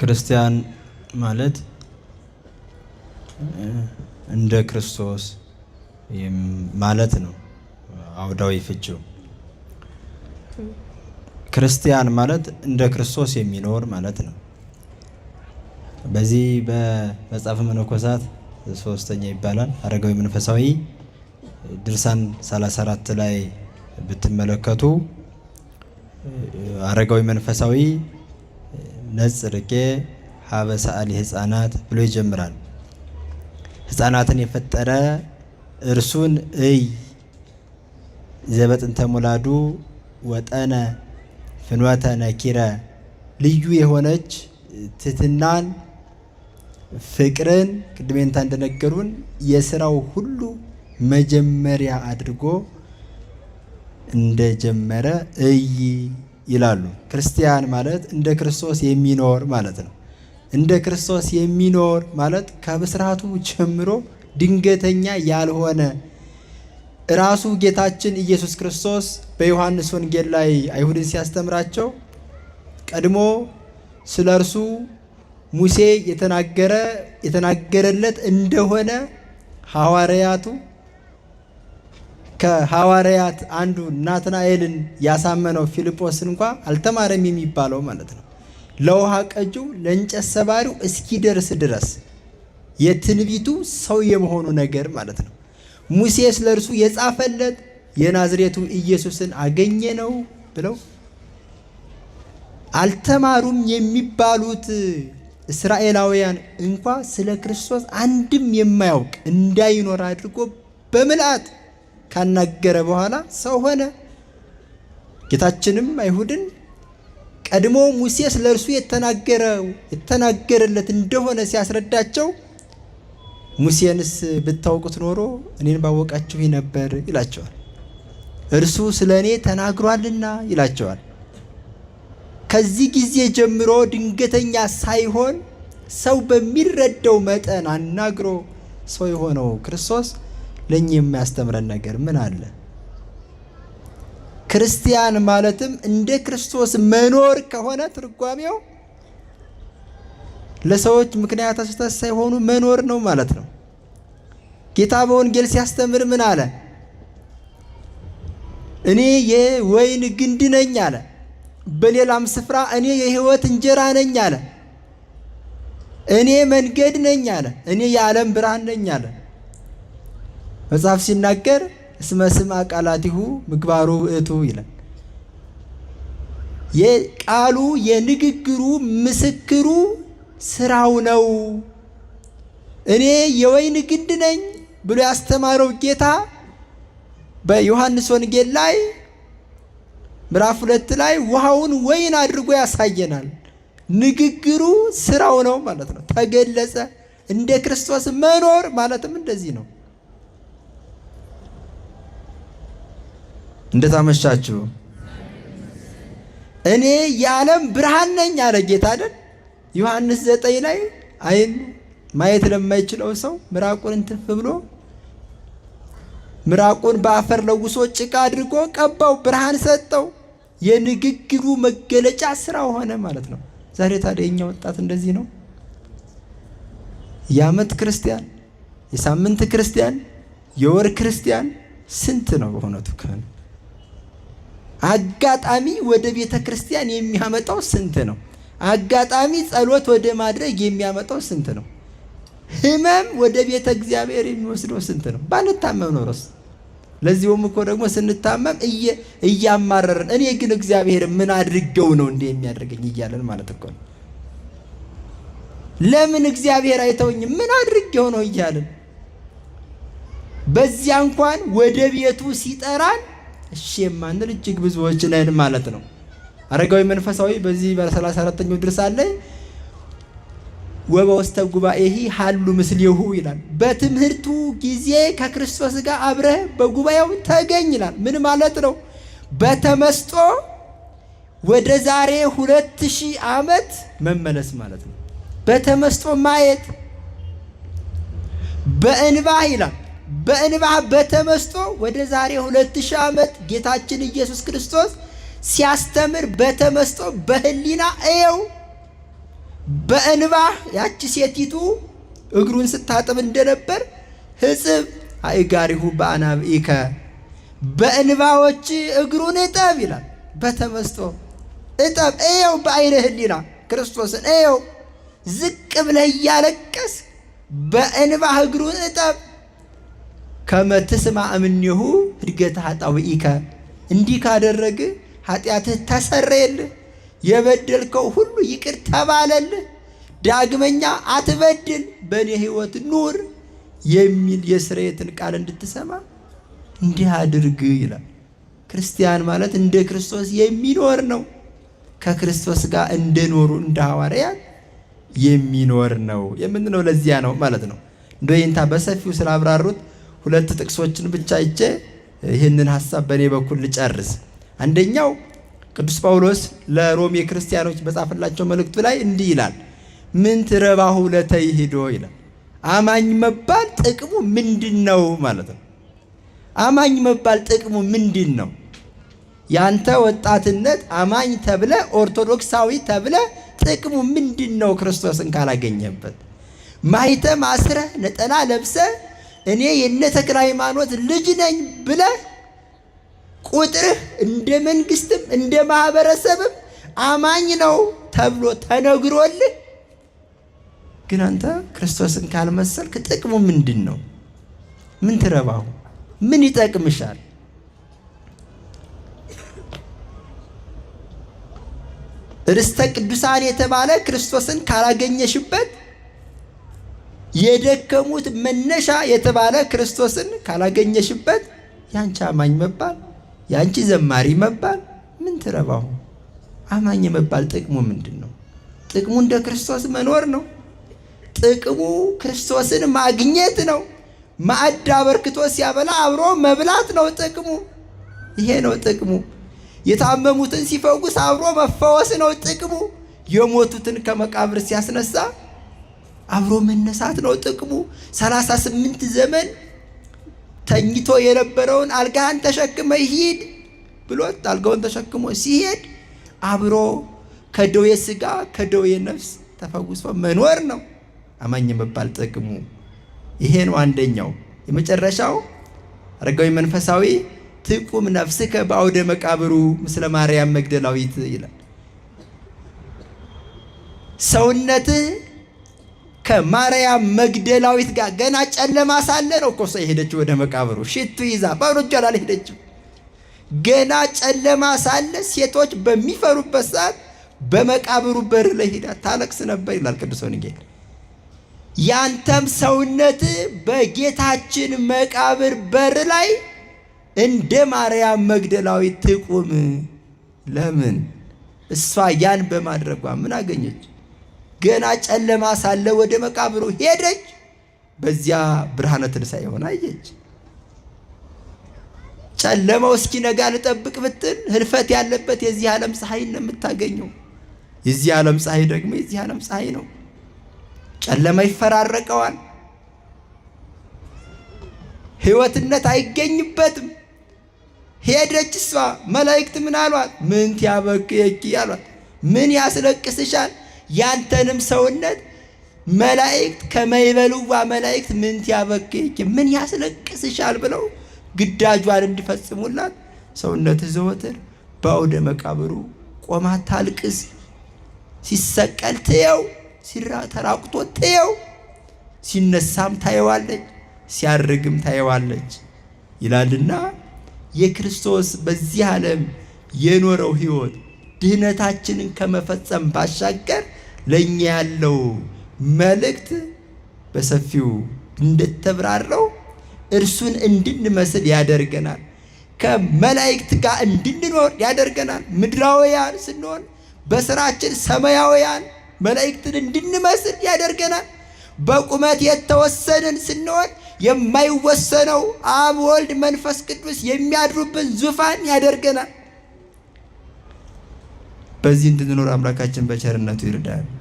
ክርስቲያን ማለት እንደ ክርስቶስ ማለት ነው። አውዳዊ ፍቺው ክርስቲያን ማለት እንደ ክርስቶስ የሚኖር ማለት ነው። በዚህ በመጽሐፈ መነኮሳት ሶስተኛ ይባላል አረጋዊ መንፈሳዊ ድርሳን 34 ላይ ብትመለከቱ አረጋዊ መንፈሳዊ ነጽርቄ ሀበ ሰአሊ ህፃናት ብሎ ይጀምራል። ህፃናትን የፈጠረ እርሱን እይ ዘበጥንተ ሙላዱ ወጠነ ፍኖተ ነኪረ ልዩ የሆነች ትህትናን፣ ፍቅርን ቅድሜንታ እንደነገሩን የስራው ሁሉ መጀመሪያ አድርጎ እንደጀመረ እይ ይላሉ። ክርስቲያን ማለት እንደ ክርስቶስ የሚኖር ማለት ነው። እንደ ክርስቶስ የሚኖር ማለት ከብስራቱ ጀምሮ ድንገተኛ ያልሆነ ራሱ ጌታችን ኢየሱስ ክርስቶስ በዮሐንስ ወንጌል ላይ አይሁድን ሲያስተምራቸው ቀድሞ ስለ እርሱ ሙሴ የተናገረ የተናገረለት እንደሆነ ሐዋርያቱ ከሐዋርያት አንዱ ናትናኤልን ያሳመነው ፊልጶስን እንኳ አልተማረም የሚባለው ማለት ነው። ለውሃ ቀጂው ለእንጨት ሰባሪው እስኪደርስ ድረስ የትንቢቱ ሰው የመሆኑ ነገር ማለት ነው። ሙሴ ስለ እርሱ የጻፈለት የናዝሬቱ ኢየሱስን አገኘ ነው ብለው አልተማሩም የሚባሉት እስራኤላውያን እንኳ ስለ ክርስቶስ አንድም የማያውቅ እንዳይኖር አድርጎ በምልአት ካናገረ በኋላ ሰው ሆነ። ጌታችንም አይሁድን ቀድሞ ሙሴ ስለ እርሱ የተናገረው የተናገረለት እንደሆነ ሲያስረዳቸው ሙሴንስ ብታውቁት ኖሮ እኔን ባወቃችሁ ነበር ይላቸዋል። እርሱ ስለ እኔ ተናግሯልና ይላቸዋል። ከዚህ ጊዜ ጀምሮ ድንገተኛ ሳይሆን ሰው በሚረዳው መጠን አናግሮ ሰው የሆነው ክርስቶስ ለእኛ የሚያስተምረን ነገር ምን አለ? ክርስቲያን ማለትም እንደ ክርስቶስ መኖር ከሆነ ትርጓሜው ለሰዎች ምክንያት አስተስ ሳይሆኑ መኖር ነው ማለት ነው። ጌታ በወንጌል ሲያስተምር ምን አለ? እኔ የወይን ግንድ ነኝ አለ። በሌላም ስፍራ እኔ የህይወት እንጀራ ነኝ አለ። እኔ መንገድ ነኝ አለ። እኔ የዓለም ብርሃን ነኝ አለ። መጽሐፍ ሲናገር እስመ ስምዐ ቃላቲሁ ምግባሩ ውእቱ ይላል። የቃሉ የንግግሩ ምስክሩ ስራው ነው። እኔ የወይን ግንድ ነኝ ብሎ ያስተማረው ጌታ በዮሐንስ ወንጌል ላይ ምዕራፍ ሁለት ላይ ውሃውን ወይን አድርጎ ያሳየናል። ንግግሩ ስራው ነው ማለት ነው። ተገለጸ። እንደ ክርስቶስ መኖር ማለትም እንደዚህ ነው። እንደታመሻችሁ እኔ የዓለም ብርሃን ነኝ አለ ጌታ አይደል? ዮሐንስ ዘጠኝ ላይ አይን ማየት ለማይችለው ሰው ምራቁን እንትፍ ብሎ ምራቁን በአፈር ለውሶ ጭቃ አድርጎ ቀባው፣ ብርሃን ሰጠው። የንግግሩ መገለጫ ስራ ሆነ ማለት ነው። ዛሬ ታዲያ የኛ ወጣት እንደዚህ ነው። የአመት ክርስቲያን፣ የሳምንት ክርስቲያን፣ የወር ክርስቲያን ስንት ነው በእውነቱ ከሆነ አጋጣሚ ወደ ቤተ ክርስቲያን የሚያመጣው ስንት ነው? አጋጣሚ ጸሎት ወደ ማድረግ የሚያመጣው ስንት ነው? ህመም ወደ ቤተ እግዚአብሔር የሚወስደው ስንት ነው? ባንታመም ኖሮስ። ለዚሁም እኮ ደግሞ ስንታመም እያማረርን እኔ ግን እግዚአብሔር ምን አድርገው ነው እንዲህ የሚያደርገኝ እያለን ማለት እኮ ነው። ለምን እግዚአብሔር አይተውኝም? ምን አድርገው ነው እያለን በዚያ እንኳን ወደ ቤቱ ሲጠራን እሺ የማንል እጅግ ብዙዎች ነን ማለት ነው። አረጋዊ መንፈሳዊ በዚህ በሰላሳ አራተኛው ድርሳን ላይ ወበውስተ ጉባኤሂ ሀሉ ምስሌሁ ይላል። በትምህርቱ ጊዜ ከክርስቶስ ጋር አብረህ በጉባኤው ተገኝ ይላል። ምን ማለት ነው? በተመስጦ ወደ ዛሬ ሁለት ሺህ ዓመት መመለስ ማለት ነው። በተመስጦ ማየት በእንባ ይላል በእንባ በተመስጦ ወደ ዛሬ 2000 ሺህ ዓመት ጌታችን ኢየሱስ ክርስቶስ ሲያስተምር በተመስጦ በህሊና እየው በእንባ ያቺ ሴቲቱ እግሩን ስታጥብ እንደነበር ህጽብ አይጋሪሁ በአናብኢከ በእንባዎች እግሩን እጠብ ይላል። በተመስጦ እጠብ እየው በአይነ ህሊና ክርስቶስን እየው ዝቅ ብለህ እያለቀስ በእንባ እግሩን እጠብ ከመትስማ እምኔሁ እድገት ኃጣውኢከ እንዲህ ካደረግ ኃጢአትህ ተሰረየልህ፣ የበደልከው ሁሉ ይቅር ተባለልህ፣ ዳግመኛ አትበድል፣ በእኔ ሕይወት ኑር የሚል የስርየትን ቃል እንድትሰማ እንዲህ አድርግ ይላል። ክርስቲያን ማለት እንደ ክርስቶስ የሚኖር ነው። ከክርስቶስ ጋር እንደኖሩ እንደ ሐዋርያት የሚኖር ነው የምንለው ለዚያ ነው ማለት ነው። እንደ ይንታ በሰፊው ስላብራሩት ሁለት ጥቅሶችን ብቻ ይዤ ይህንን ሀሳብ በእኔ በኩል ልጨርስ። አንደኛው ቅዱስ ጳውሎስ ለሮሜ ክርስቲያኖች በጻፈላቸው መልእክቱ ላይ እንዲህ ይላል፣ ምን ትረባሁ ይሄዶ ይላል። አማኝ መባል ጥቅሙ ምንድን ነው ማለት ነው። አማኝ መባል ጥቅሙ ምንድን ነው? ያንተ ወጣትነት አማኝ ተብለ ኦርቶዶክሳዊ ተብለ ጥቅሙ ምንድን ነው? ክርስቶስን ካላገኘበት ማይተም ማስረ ነጠላ ለብሰህ እኔ የነ ተክለ ሃይማኖት ልጅ ነኝ ብለህ ቁጥርህ እንደ መንግስትም እንደ ማህበረሰብም አማኝ ነው ተብሎ ተነግሮልህ፣ ግን አንተ ክርስቶስን ካልመሰልክ ጥቅሙ ምንድን ነው? ምን ትረባሁ? ምን ይጠቅምሻል? ርስተ ቅዱሳን የተባለ ክርስቶስን ካላገኘሽበት የደከሙት መነሻ የተባለ ክርስቶስን ካላገኘሽበት ያንቺ አማኝ መባል ያንቺ ዘማሪ መባል ምን ትረባሁ? አማኝ መባል ጥቅሙ ምንድን ነው? ጥቅሙ እንደ ክርስቶስ መኖር ነው። ጥቅሙ ክርስቶስን ማግኘት ነው። ማዕድ አበርክቶ ሲያበላ አብሮ መብላት ነው ጥቅሙ። ይሄ ነው ጥቅሙ። የታመሙትን ሲፈውስ አብሮ መፈወስ ነው ጥቅሙ። የሞቱትን ከመቃብር ሲያስነሳ አብሮ መነሳት ነው ጥቅሙ። ሰላሳ ዘመን ተኝቶ የነበረውን አልጋህን ተሸክመ ሂድ ብሎት አልጋውን ተሸክሞ ሲሄድ አብሮ ከደዌ ስጋ ከደዌ ነፍስ ተፈውሶ መኖር ነው አማኝ የመባል ጥቅሙ ይሄ ነው። አንደኛው የመጨረሻው አረጋዊ መንፈሳዊ ትቁም ነፍስከ በአውደ መቃብሩ ምስለ ማርያም መግደላዊት ይላል ሰውነትህ ከማርያም መግደላዊት ጋር ገና ጨለማ ሳለ ነው እኮ እሷ የሄደችው ወደ መቃብሩ ሽቱ ይዛ ባዶ እጇ አልሄደችም። ገና ጨለማ ሳለ ሴቶች በሚፈሩበት ሰዓት በመቃብሩ በር ላይ ሄዳ ታለቅስ ነበር ይላል ቅዱስ ወንጌል። ያንተም ሰውነት በጌታችን መቃብር በር ላይ እንደ ማርያም መግደላዊት ትቁም። ለምን? እሷ ያን በማድረጓ ምን አገኘች? ገና ጨለማ ሳለ ወደ መቃብሩ ሄደች። በዚያ ብርሃነ ትንሣኤ ሆና አየች። ጨለማው እስኪነጋ ልጠብቅ ብትል ህልፈት ያለበት የዚህ ዓለም ፀሐይ ነው የምታገኘው። የዚህ ዓለም ፀሐይ ደግሞ የዚህ ዓለም ፀሐይ ነው። ጨለማ ይፈራረቀዋል። ህይወትነት አይገኝበትም። ሄደች እሷ። መላእክት ምን አሏት? ምን የቂ አሏት። ምን ያስለቅስሻል? ያንተንም ሰውነት መላእክት ከመይበሉዋ መላእክት ምን ያበቅክ ምን ያስለቅስሻል ብለው ግዳጇን እንዲፈጽሙላት ሰውነት ዘወትር በአውደ መቃብሩ ቆማ ታልቅስ። ሲሰቀል ትየው፣ ተራቁቶ ትየው፣ ሲነሳም ታየዋለች፣ ሲያርግም ታየዋለች ይላልና የክርስቶስ በዚህ ዓለም የኖረው ሕይወት ድህነታችንን ከመፈጸም ባሻገር ለእኛ ያለው መልእክት በሰፊው እንድተብራራው እርሱን እንድንመስል ያደርገናል። ከመላእክት ጋር እንድንኖር ያደርገናል። ምድራውያን ስንሆን በስራችን ሰማያውያን መላእክትን እንድንመስል ያደርገናል። በቁመት የተወሰንን ስንሆን የማይወሰነው አብ፣ ወልድ፣ መንፈስ ቅዱስ የሚያድሩብን ዙፋን ያደርገናል። በዚህ እንድንኖር አምላካችን በቸርነቱ ይርዳል።